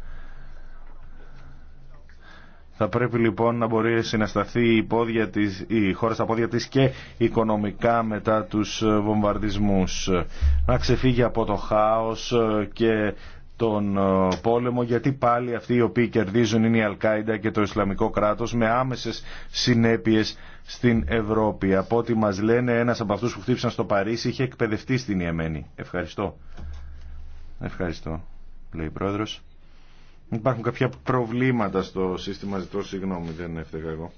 Θα πρέπει λοιπόν να μπορεί να σταθεί η, της, η χώρα στα πόδια της και οικονομικά μετά τους βομβαρδισμούς. Να ξεφύγει από το χάος και τον ε, πόλεμο γιατί πάλι αυτοί οι οποίοι κερδίζουν είναι η Αλκάιντα και το Ισλαμικό κράτος με άμεσες συνέπειες στην Ευρώπη. Από ό,τι μας λένε ένας από αυτούς που χτύπησαν στο Παρίσι είχε εκπαιδευτεί στην Ιεμένη. Ευχαριστώ. Ευχαριστώ, λέει η Πρόεδρος. Υπάρχουν κάποια προβλήματα στο σύστημα, ζητώ συγγνώμη, δεν έφταιγα εγώ.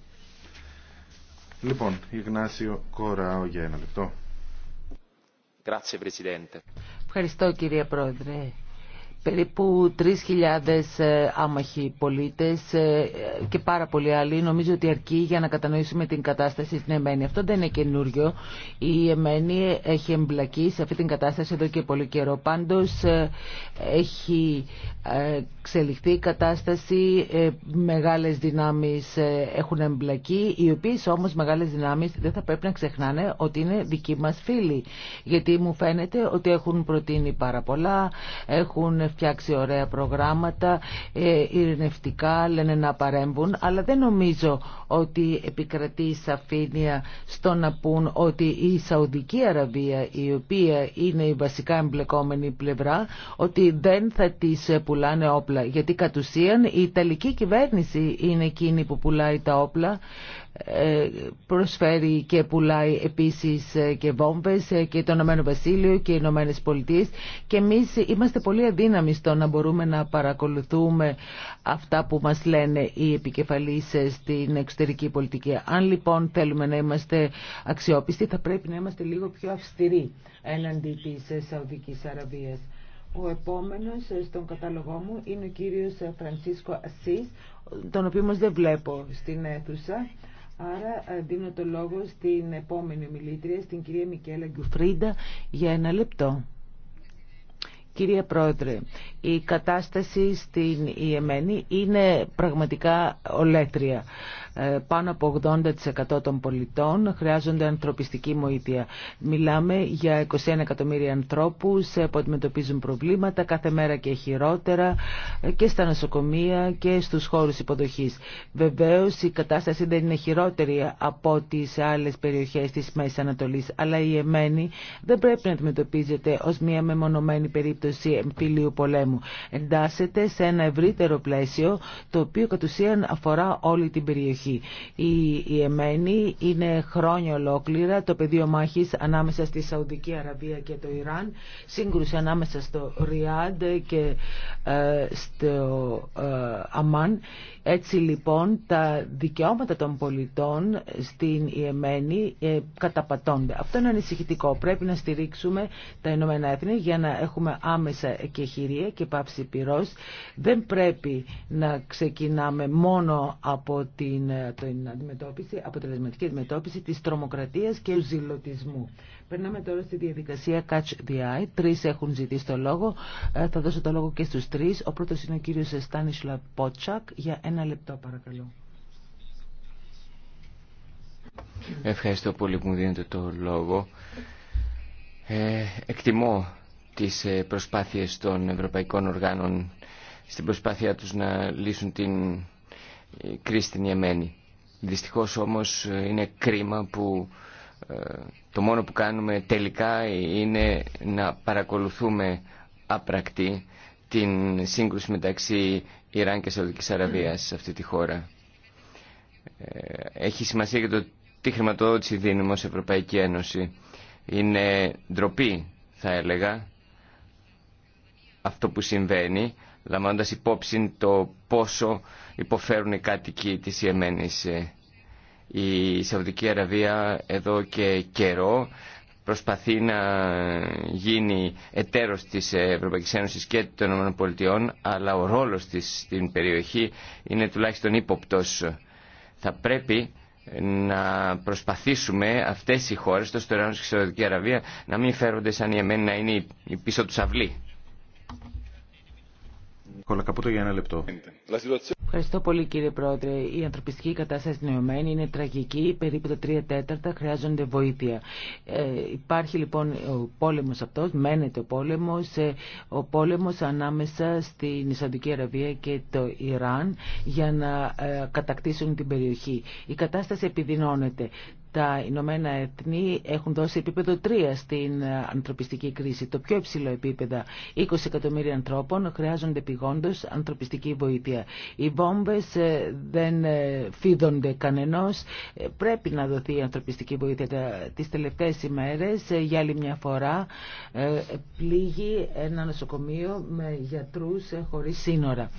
Λοιπόν, Ιγνάσιο Κοράο για ένα λεπτό. Ευχαριστώ κύριε Πρόεδρε περίπου 3.000 ε, άμαχοι πολίτες ε, και πάρα πολλοί άλλοι νομίζω ότι αρκεί για να κατανοήσουμε την κατάσταση στην Εμένη. Αυτό δεν είναι καινούριο. Η Εμένη έχει εμπλακεί σε αυτή την κατάσταση εδώ και πολύ καιρό. Πάντως ε, έχει εξελιχθεί η κατάσταση, μεγάλες δυνάμεις έχουν εμπλακεί, οι οποίες όμως μεγάλες δυνάμεις δεν θα πρέπει να ξεχνάνε ότι είναι δικοί μας φίλοι. Γιατί μου φαίνεται ότι έχουν προτείνει πάρα πολλά, έχουν φτιάξει ωραία προγράμματα, ε, ειρηνευτικά λένε να παρέμβουν, αλλά δεν νομίζω ότι επικρατεί σαφήνεια στο να πούν ότι η Σαουδική Αραβία, η οποία είναι η βασικά εμπλεκόμενη πλευρά, ότι δεν θα τη πουλάνε όπλα. Γιατί κατ' ουσίαν η Ιταλική κυβέρνηση είναι εκείνη που πουλάει τα όπλα ε, προσφέρει και πουλάει επίσης ε, και βόμβες ε, και το Ηνωμένο Βασίλειο και οι Ηνωμένε Πολιτείε. και εμείς είμαστε πολύ αδύναμοι στο να μπορούμε να παρακολουθούμε αυτά που μας λένε οι επικεφαλείς στην εξωτερική πολιτική. Αν λοιπόν θέλουμε να είμαστε αξιόπιστοι θα πρέπει να είμαστε λίγο πιο αυστηροί έναντι της Σαουδικής Αραβίας. Ο επόμενος στον κατάλογό μου είναι ο κύριος Φρανσίσκο Ασσί τον οποίο δεν βλέπω στην αίθουσα. Άρα ε, δίνω το λόγο στην επόμενη ομιλήτρια, στην κυρία Μικέλα Γκουφρίντα, για ένα λεπτό. Κυρία Πρόεδρε, η κατάσταση στην Ιεμένη είναι πραγματικά ολέτρια. Ε, πάνω από 80% των πολιτών χρειάζονται ανθρωπιστική βοήθεια. Μιλάμε για 21 εκατομμύρια ανθρώπους ε, που αντιμετωπίζουν προβλήματα κάθε μέρα και χειρότερα ε, και στα νοσοκομεία και στους χώρους υποδοχής. Βεβαίως η κατάσταση δεν είναι χειρότερη από τις άλλες περιοχές της Μέσης Ανατολής, αλλά η Εμένη δεν πρέπει να αντιμετωπίζεται ως μια μεμονωμένη περίπτωση εμφύλιου πολέμου. Εντάσσεται σε ένα ευρύτερο πλαίσιο, το οποίο κατ' ουσίαν αφορά όλη την περιοχή. Η, η Εμένη είναι χρόνια ολόκληρα το πεδίο μάχης ανάμεσα στη Σαουδική Αραβία και το Ιράν, σύγκρουση ανάμεσα στο Ριάντ και ε, στο ε, Αμάν. Έτσι λοιπόν τα δικαιώματα των πολιτών στην Ιεμένη ε, καταπατώνται. Αυτό είναι ανησυχητικό. Πρέπει να στηρίξουμε τα Ηνωμένα Έθνη για να έχουμε άμεσα και και πάυση πυρός. Δεν πρέπει να ξεκινάμε μόνο από την ε, την αντιμετώπιση, αποτελεσματική αντιμετώπιση της τρομοκρατίας και του ζηλωτισμού. Περνάμε τώρα στη διαδικασία Catch the Eye. Τρεις έχουν ζητήσει το λόγο. Ε, θα δώσω το λόγο και στους τρεις. Ο πρώτος είναι ο κύριος Στάνισλα Πότσακ. Για ένα λεπτό παρακαλώ. Ευχαριστώ πολύ που μου δίνετε το λόγο. Ε, εκτιμώ τις ε, προσπάθειες των ευρωπαϊκών οργάνων στην προσπάθειά τους να λύσουν την κρίση στην Ιεμένη. Δυστυχώς όμως ε, είναι κρίμα που ε, το μόνο που κάνουμε τελικά είναι να παρακολουθούμε απρακτή την σύγκρουση μεταξύ Ιράν και Σαουδικής Αραβίας σε αυτή τη χώρα. Ε, έχει σημασία και το τι χρηματοδότηση δίνουμε ως Ευρωπαϊκή Ένωση. Είναι ντροπή, θα έλεγα, αυτό που συμβαίνει, λαμβάνοντας υπόψη το πόσο υποφέρουν οι κάτοικοι τη Ιεμένη. Ε, η Σαουδική Αραβία εδώ και καιρό προσπαθεί να γίνει εταίρος της Ευρωπαϊκής Ένωσης και των ΗΠΑ, αλλά ο ρόλος της στην περιοχή είναι τουλάχιστον ύποπτος. Θα πρέπει να προσπαθήσουμε αυτές οι χώρες, το και η Σαουδική Αραβία, να μην φέρονται σαν η Εμένη να είναι η πίσω του αυλή. Ευχαριστώ πολύ κύριε Πρόεδρε. Η ανθρωπιστική κατάσταση στην Ιωμένη είναι τραγική. Περίπου τα τρία τέταρτα χρειάζονται βοήθεια. Ε, υπάρχει λοιπόν ο πόλεμος αυτός, μένεται ο πόλεμος, ε, ο πόλεμος ανάμεσα στην Ισαντική Αραβία και το Ιράν για να ε, κατακτήσουν την περιοχή. Η κατάσταση επιδεινώνεται τα Ηνωμένα Εθνή έχουν δώσει επίπεδο 3 στην ανθρωπιστική κρίση, το πιο υψηλό επίπεδο. 20 εκατομμύρια ανθρώπων χρειάζονται επιγόντω ανθρωπιστική βοήθεια. Οι βόμβες ε, δεν ε, φίδονται κανενό. Ε, πρέπει να δοθεί η ανθρωπιστική βοήθεια. Τι τελευταίε ημέρε, για άλλη μια φορά, πλήγει ένα νοσοκομείο με γιατρού χωρί σύνορα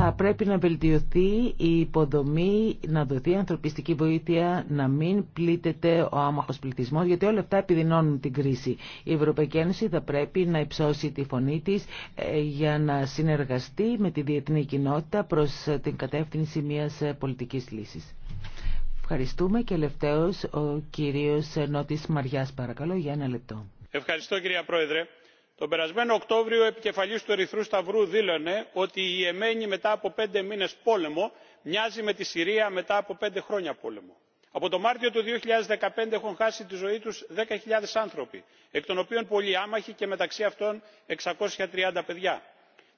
θα πρέπει να βελτιωθεί η υποδομή, να δοθεί ανθρωπιστική βοήθεια, να μην πλήττεται ο άμαχος πληθυσμός, γιατί όλα αυτά επιδεινώνουν την κρίση. Η Ευρωπαϊκή Ένωση θα πρέπει να υψώσει τη φωνή της ε, για να συνεργαστεί με τη διεθνή κοινότητα προς την κατεύθυνση μιας ε, πολιτικής λύσης. Ευχαριστούμε και ελευταίος ο κύριος Νότης Μαριάς, παρακαλώ, για ένα λεπτό. Ευχαριστώ κυρία Πρόεδρε τον περασμένο οκτώβριο ο επικεφαλής του ερυθρού σταυρού δήλωνε ότι η ιεμένη μετά από πέντε μήνες πόλεμο μοιάζει με τη συρία μετά από πέντε χρόνια πόλεμο. από το μάρτιο του 2015 έχουν χάσει τη ζωή τους δέκα χιλιάδες άνθρωποι εκ των οποίων πολλοί άμαχοι και μεταξύ αυτών εξακόσια τριάντα παιδιά.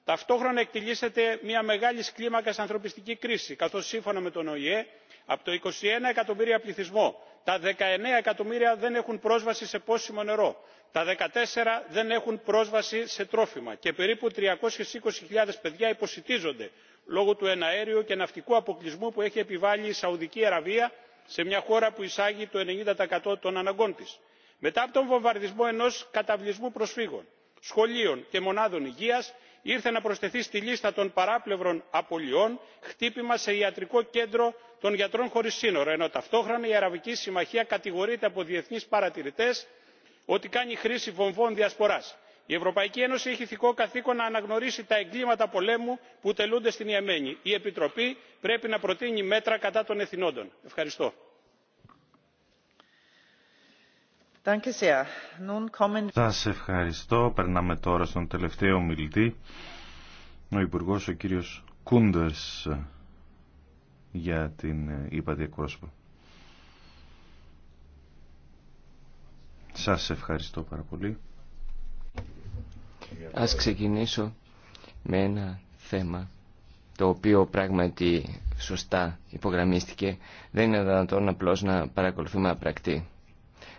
ταυτόχρονα εκτιλήσεται μια μεγάλη κλίμακα ανθρωπιστική κρίση καθώς σύμφωνα με τον οηε από το 21 εκατομμύρια πληθυσμό τα 19 εκατομμύρια δεν έχουν πρόσβαση σε πόσιμο νερό τα δεκατέσσερα δεν έχουν πρόσβαση σε τρόφιμα και περίπου τριακόσιες είκοσι παιδιά υποσιτίζονται λόγω του εναέριου και ναυτικού αποκλεισμού που έχει επιβάλει η σαουδική αραβία σε μια χώρα που εισάγει το 90% των αναγκών της. μετά από τον βομβαρδισμό ενός καταβλισμού προσφύγων σχολείων και μονάδων υγείας ήρθε να προσθεθεί στη λίστα των παράπλευρων απολειών χτύπημα σε ιατρικό κέντρο των γιατρών χωρίς σύνορα ενώ ταυτόχρονα η αραβική συμμαχία κατηγορείται από διεθνείς παρατηρητές ότι κάνει χρήση βομβών διασποράς. η ευρωπαϊκή ένωση έχει ηθικό καθήκον να αναγνωρίσει τα εγκλήματα πολέμου που τελούνται στην ιεμένη. η επιτροπή πρέπει να προτείνει μέτρα κατά των εθνώντων. ευχαριστώ. ευχαριστώ. Περνάμε τώρα στον τελευταίο ο κύριος για την Σας ευχαριστώ πάρα πολύ. Ας ξεκινήσω με ένα θέμα το οποίο πράγματι σωστά υπογραμμίστηκε. Δεν είναι δυνατόν απλώς να παρακολουθούμε απρακτή.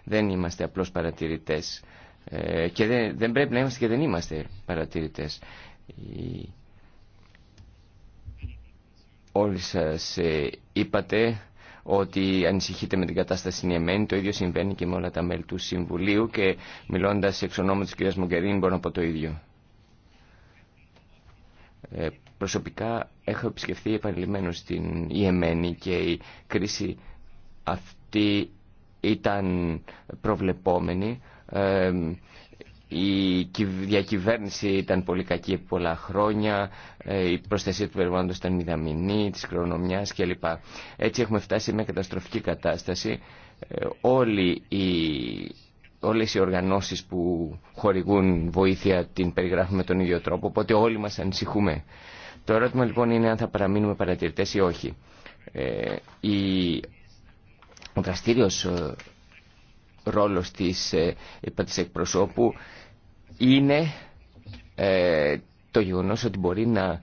Δεν είμαστε απλώς παρατηρητές ε, και δεν, δεν πρέπει να είμαστε και δεν είμαστε παρατηρητές. Όλοι σας ε, είπατε ότι ανησυχείτε με την κατάσταση στην Ιεμένη. Το ίδιο συμβαίνει και με όλα τα μέλη του Συμβουλίου και μιλώντας εξ ονόμου τη κυρίας Μογκερίνη μπορώ να πω το ίδιο. Ε, προσωπικά έχω επισκεφθεί επανειλημμένω στην Ιεμένη και η κρίση αυτή ήταν προβλεπόμενη. Ε, η διακυβέρνηση ήταν πολύ κακή επί πολλά χρόνια, ε, η προστασία του περιβάλλοντος ήταν μηδαμινή, της κληρονομιάς κλπ. Έτσι έχουμε φτάσει σε μια καταστροφική κατάσταση. Ε, όλοι οι, όλες οι οργανώσεις που χορηγούν βοήθεια την περιγράφουν με τον ίδιο τρόπο, οπότε όλοι μας ανησυχούμε. Το ερώτημα λοιπόν είναι αν θα παραμείνουμε παρατηρητές ή όχι. Ε, η, ο δραστήριος ρόλος της, της εκπροσώπου είναι ε, το γεγονός ότι μπορεί να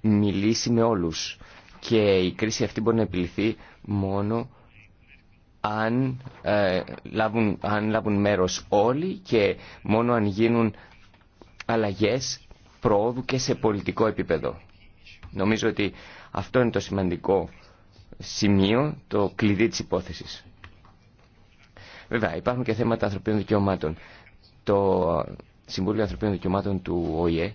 μιλήσει με όλους και η κρίση αυτή μπορεί να επιληθεί μόνο αν, ε, λάβουν, αν λάβουν μέρος όλοι και μόνο αν γίνουν αλλαγές προόδου και σε πολιτικό επίπεδο. Νομίζω ότι αυτό είναι το σημαντικό σημείο, το κλειδί της υπόθεσης. Βέβαια, υπάρχουν και θέματα ανθρωπίνων δικαιωμάτων. Το Συμβούλιο Ανθρωπίνων Δικαιωμάτων του ΟΗΕ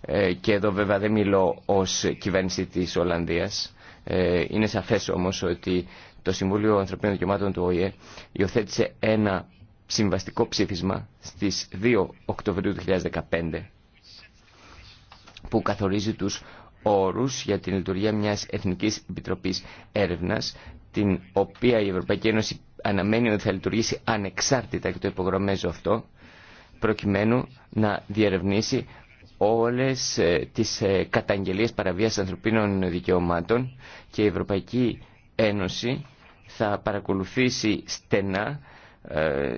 ε, και εδώ βέβαια δεν μιλώ ως κυβέρνηση της Ολλανδίας. Ε, είναι σαφές όμως ότι το Συμβούλιο Ανθρωπίνων Δικαιωμάτων του ΟΗΕ υιοθέτησε ένα συμβαστικό ψήφισμα στις 2 Οκτωβρίου 2015 που καθορίζει τους όρους για την λειτουργία μιας Εθνικής Επιτροπής Έρευνας την οποία η Ευρωπαϊκή Ένωση αναμένει ότι θα λειτουργήσει ανεξάρτητα και το υπογραμμίζω αυτό προκειμένου να διερευνήσει όλες ε, τις ε, καταγγελίες παραβίασης ανθρωπίνων δικαιωμάτων και η Ευρωπαϊκή Ένωση θα παρακολουθήσει στενά ε,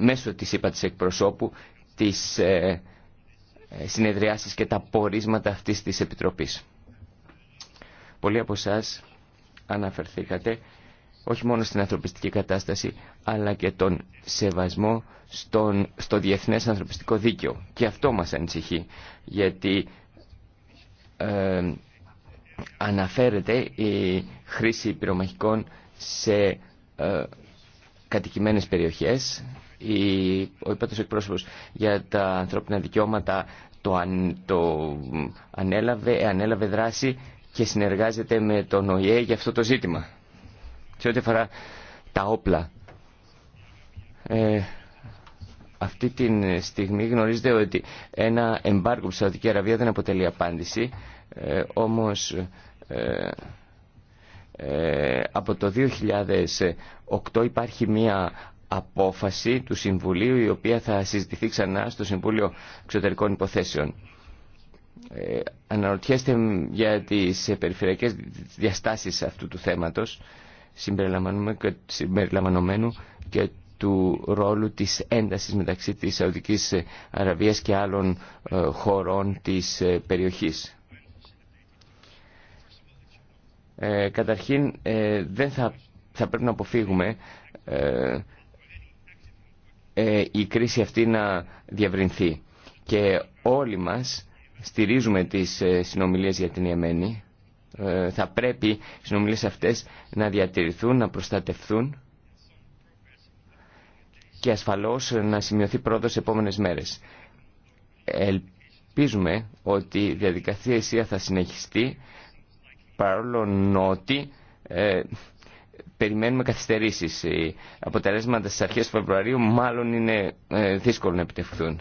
μέσω της είπα της εκπροσώπου τις συνεδριάσεις και τα πορίσματα αυτής της Επιτροπής. Πολλοί από εσά αναφερθήκατε όχι μόνο στην ανθρωπιστική κατάσταση, αλλά και τον σεβασμό στον, στο διεθνές ανθρωπιστικό δίκαιο. Και αυτό μας ανησυχεί, γιατί ε, αναφέρεται η χρήση πυρομαχικών σε ε, κατοικημένες περιοχές. Η, ο υπάτος εκπρόσωπος για τα ανθρώπινα δικαιώματα το, το ανέλαβε, ε, ανέλαβε δράση και συνεργάζεται με τον ΟΗΕ για αυτό το ζήτημα σε ό,τι αφορά τα όπλα. Ε, αυτή τη στιγμή γνωρίζετε ότι ένα εμπάργκο στη Σαουδική Αραβία δεν αποτελεί απάντηση, ε, όμως ε, ε, από το 2008 υπάρχει μία απόφαση του Συμβουλίου η οποία θα συζητηθεί ξανά στο Συμβούλιο Εξωτερικών Υποθέσεων. Ε, αναρωτιέστε για τις περιφερειακές διαστάσεις αυτού του θέματος συμπεριλαμβανομένου και του ρόλου της έντασης μεταξύ της Σαουδικής Αραβίας και άλλων ε, χωρών της ε, περιοχής. Ε, καταρχήν, ε, δεν θα, θα πρέπει να αποφύγουμε η κρίση αυτή να διαβρινθεί. Και όλοι μας στηρίζουμε τις συνομιλίες για την Ιεμένη ε, θα πρέπει οι συνομιλίες αυτές να διατηρηθούν, να προστατευθούν και ασφαλώς να σημειωθεί πρόοδος σε επόμενες μέρες. Ελπίζουμε ότι η διαδικασία αισία θα συνεχιστεί παρόλο ότι ε, περιμένουμε καθυστερήσεις. Οι αποτελέσματα στις αρχές Φεβρουαρίου μάλλον είναι ε, δύσκολο να επιτευχθούν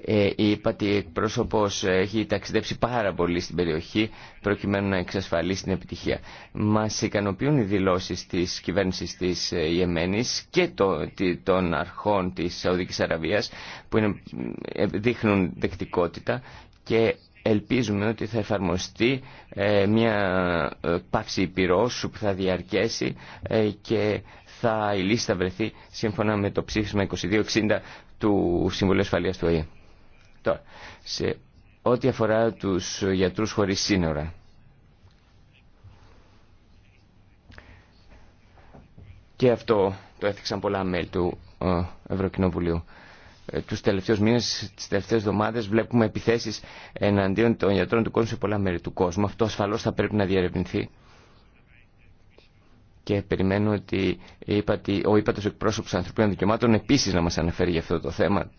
η ε, ΥΠΑΤΗ εκπρόσωπος ε, έχει ταξιδέψει πάρα πολύ στην περιοχή προκειμένου να εξασφαλίσει την επιτυχία. Μας ικανοποιούν οι δηλώσεις της κυβέρνησης της ε, Ιεμένης και των αρχών της Σαουδικής Αραβίας που είναι, δείχνουν δεκτικότητα και ελπίζουμε ότι θα εφαρμοστεί μια παύση πυρός που θα διαρκέσει και θα, η λύση θα βρεθεί σύμφωνα με το ψήφισμα 2260 του Συμβουλίου Ασφαλείας του ΟΗΕ σε ό,τι αφορά τους γιατρούς χωρίς σύνορα. Και αυτό το έθιξαν πολλά μέλη του ε, Ευρωκοινοβουλίου. Ε, τους τελευταίους μήνες, τις τελευταίες εβδομάδες βλέπουμε επιθέσεις εναντίον των γιατρών του κόσμου σε πολλά μέρη του κόσμου. Αυτό ασφαλώς θα πρέπει να διαρευνηθεί. Και περιμένω ότι ο ύπατος εκπρόσωπος ανθρωπίνων δικαιωμάτων επίσης να μας αναφέρει για αυτό το θέμα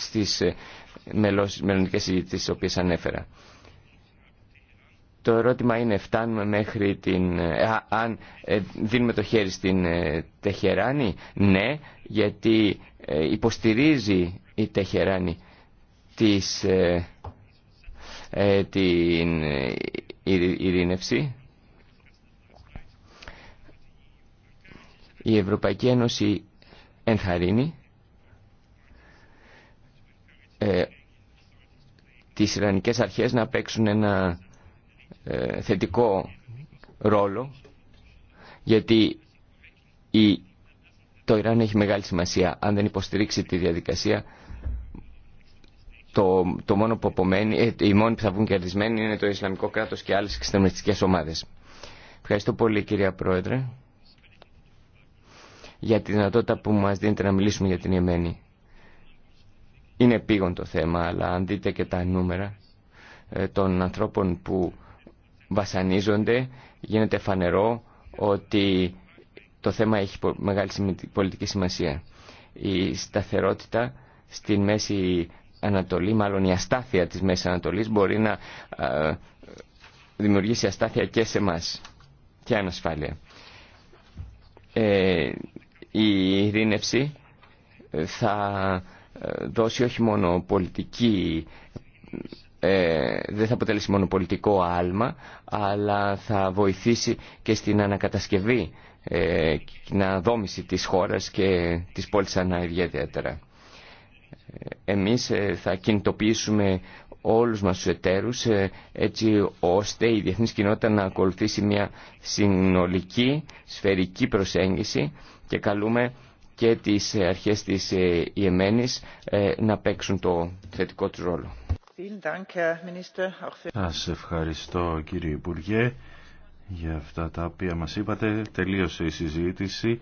στις ε, μελλοντικές συζητήσεις τις οποίες ανέφερα. Το ερώτημα είναι φτάνουμε μέχρι την... Ε, αν ε, δίνουμε το χέρι στην Τεχεράνη, ναι, γιατί υποστηρίζει η Τεχεράνη της, την ειρήνευση. Η Ευρωπαϊκή Ένωση ενθαρρύνει ε, τις Ιρανικές αρχές να παίξουν ένα ε, θετικό ρόλο γιατί η, το Ιράν έχει μεγάλη σημασία. Αν δεν υποστηρίξει τη διαδικασία το, το μόνο που απομένει, ε, οι μόνοι που θα βγουν κερδισμένοι είναι το Ισλαμικό κράτος και άλλες εξτρεμιστικές ομάδες. Ευχαριστώ πολύ κυρία Πρόεδρε για τη δυνατότητα που μας δίνετε να μιλήσουμε για την Ιεμένη. Είναι επίγον το θέμα, αλλά αν δείτε και τα νούμερα ε, των ανθρώπων που βασανίζονται, γίνεται φανερό ότι το θέμα έχει μεγάλη πολιτική σημασία. Η σταθερότητα στην Μέση Ανατολή, μάλλον η αστάθεια της Μέσης Ανατολής, μπορεί να δημιουργήσει αστάθεια και σε μας και ανασφάλεια. Ε, η ειρήνευση ε, θα δώσει όχι μόνο πολιτική ε, δεν θα αποτελέσει μόνο πολιτικό άλμα αλλά θα βοηθήσει και στην ανακατασκευή ε, την αναδόμηση της χώρας και της πόλης ανά ιδιαίτερα. Εμείς ε, θα κινητοποιήσουμε όλους μας τους εταίρους ε, έτσι ώστε η διεθνής κοινότητα να ακολουθήσει μια συνολική σφαιρική προσέγγιση και καλούμε και τις ε, αρχές της ε, Ιεμένης ε, να παίξουν το θετικό του ρόλο. Σας ευχαριστώ κύριε Υπουργέ για αυτά τα οποία μας είπατε. Τελείωσε η συζήτηση.